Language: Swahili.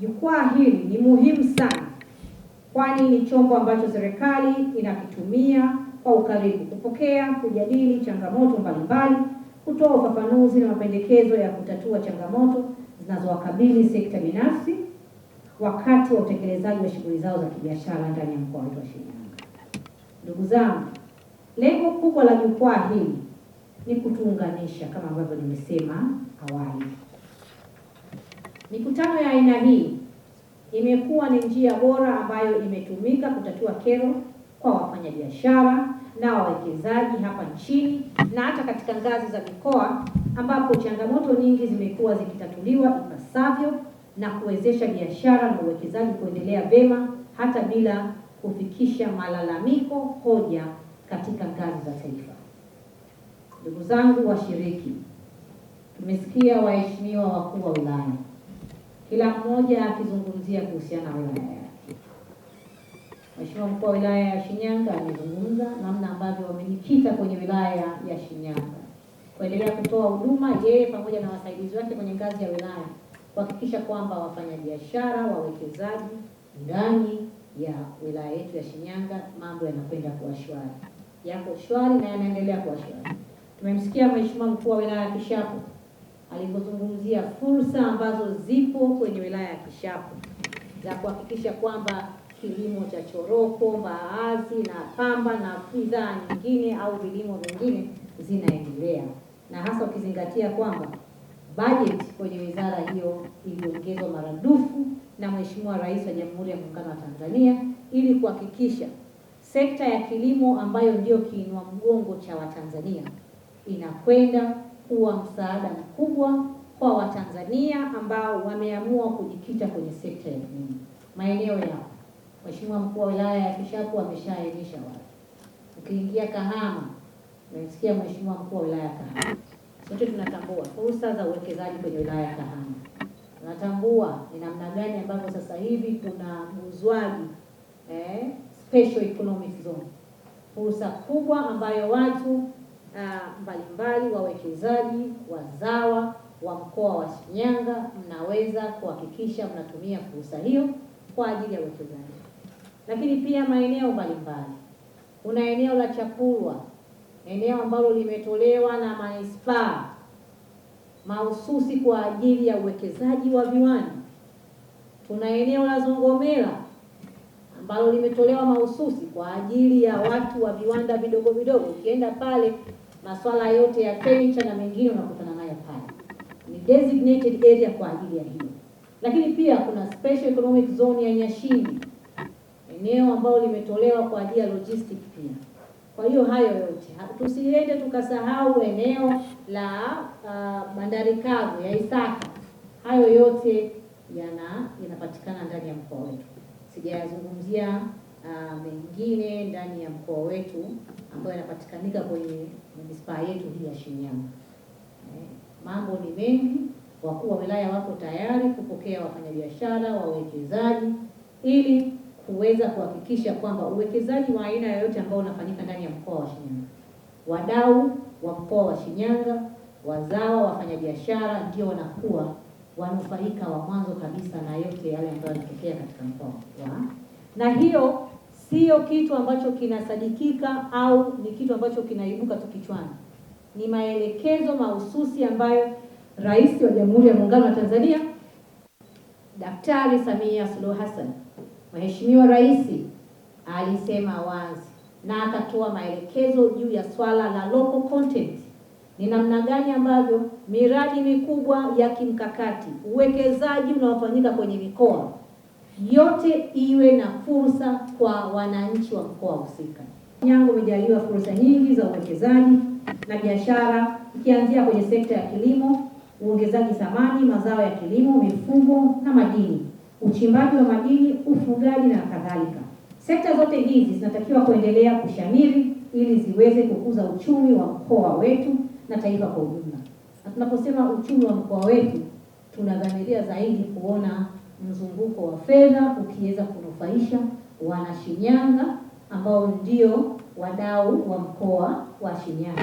Jukwaa hili ni muhimu sana, kwani ni chombo ambacho serikali inakitumia kwa ukaribu kupokea, kujadili changamoto mbalimbali, kutoa ufafanuzi na mapendekezo ya kutatua changamoto zinazowakabili sekta binafsi wakati wa utekelezaji wa shughuli zao za kibiashara ndani ya mkoa wetu wa Shinyanga. Ndugu zangu, lengo kubwa la jukwaa hili ni kutuunganisha kama ambavyo nimesema awali. Mikutano ya aina hii imekuwa ni njia bora ambayo imetumika kutatua kero kwa wafanyabiashara na wawekezaji hapa nchini na hata katika ngazi za mikoa ambapo changamoto nyingi zimekuwa zikitatuliwa ipasavyo na kuwezesha biashara na uwekezaji kuendelea vyema hata bila kufikisha malalamiko hoja katika ngazi za taifa. Ndugu zangu washiriki, tumesikia waheshimiwa wakuu wa wilaya kila mmoja akizungumzia kuhusiana na wilaya yake. Mheshimiwa mkuu wa wilaya ya Shinyanga amezungumza namna ambavyo wamejikita kwenye wilaya ya Shinyanga kuendelea kutoa huduma, yeye pamoja na wasaidizi wake kwenye ngazi ya wilaya, kuhakikisha kwamba wafanyabiashara, wawekezaji ndani ya wilaya yetu ya Shinyanga mambo yanakwenda kuwa shwari, yako shwari na yanaendelea kuwa shwari. Tumemsikia Mheshimiwa mkuu wa wilaya ya Kishapu alivyozungumzia fursa ambazo zipo kwenye wilaya ya Kishapu za kuhakikisha kwamba kilimo cha choroko, mbaazi na pamba na bidhaa nyingine au vilimo vingine zinaendelea, na hasa ukizingatia kwamba bajeti kwenye wizara hiyo iliongezwa maradufu na Mheshimiwa Rais wa Jamhuri ya Muungano wa Tanzania ili kuhakikisha sekta ya kilimo ambayo ndiyo kiinua mgongo cha Watanzania inakwenda kuwa msaada mkubwa kwa Watanzania ambao wameamua kujikita kwenye sekta ya elimu maeneo yao. Mheshimiwa mkuu wa wilaya ya Kishapu ameshaainisha watu. Ukiingia Kahama, umesikia Mheshimiwa mkuu wa wilaya Kahama, sote tunatambua fursa za uwekezaji kwenye wilaya ya Kahama, tunatambua ni namna gani ambavyo sasa hivi kuna uzwaji eh, special economic zone, fursa kubwa ambayo watu uh, mbalimbali wawekezaji wazawa wa mkoa wa Shinyanga, mnaweza kuhakikisha mnatumia fursa hiyo kwa ajili ya uwekezaji. Lakini pia maeneo mbalimbali, kuna eneo la Chakurwa, eneo ambalo limetolewa na manispaa mahususi kwa ajili ya uwekezaji wa viwanda. Tuna eneo la zongomela ambalo limetolewa mahususi kwa ajili ya watu wa viwanda vidogo vidogo. Ukienda pale masuala yote ya furniture na mengine unakutana nayo pale, ni designated area kwa ajili ya hiyo. Lakini pia kuna special economic zone ya Nyashini, eneo ambalo limetolewa kwa ajili ya logistic pia. Kwa hiyo hayo yote tusiende tukasahau eneo la uh, bandari kavu ya Isaka, hayo yote yana yanapatikana sijazungumzia uh, mengine ndani ya mkoa wetu ambayo yanapatikanika kwenye manispaa yetu hii ya Shinyanga. Eh, mambo ni mengi. Wakuu wa wilaya wako tayari kupokea wafanyabiashara, wawekezaji ili kuweza kuhakikisha kwamba uwekezaji wa aina yoyote ambao unafanyika ndani ya mkoa wa Shinyanga, wadau wa mkoa wa Shinyanga, wazawa, wafanyabiashara ndio wanakuwa wanufaika wa mwanzo kabisa na yote yale ambayo yanatokea katika mkoa wa na hiyo sio kitu ambacho kinasadikika au ni kitu ambacho kinaibuka tu kichwani. Ni maelekezo mahususi ambayo Rais wa Jamhuri ya Muungano wa Tanzania Daktari Samia Suluhu Hassan, Mheshimiwa Rais alisema wazi na akatoa maelekezo juu ya swala la local content ni namna gani ambavyo miradi mikubwa ya kimkakati, uwekezaji unaofanyika kwenye mikoa yote iwe na fursa kwa wananchi wa mkoa husika. Nyango imejaliwa fursa nyingi za uwekezaji na biashara, ikianzia kwenye sekta ya kilimo, uongezaji thamani mazao ya kilimo, mifugo na madini, uchimbaji wa madini, ufugaji na kadhalika. Sekta zote hizi zinatakiwa kuendelea kushamiri ili ziweze kukuza uchumi wa mkoa wetu na taifa kwa ujumla. Na tunaposema uchumi wa mkoa wetu, tunadhamiria zaidi kuona mzunguko wa fedha ukiweza kunufaisha Wanashinyanga ambao ndio wadau wa mkoa wa Shinyanga.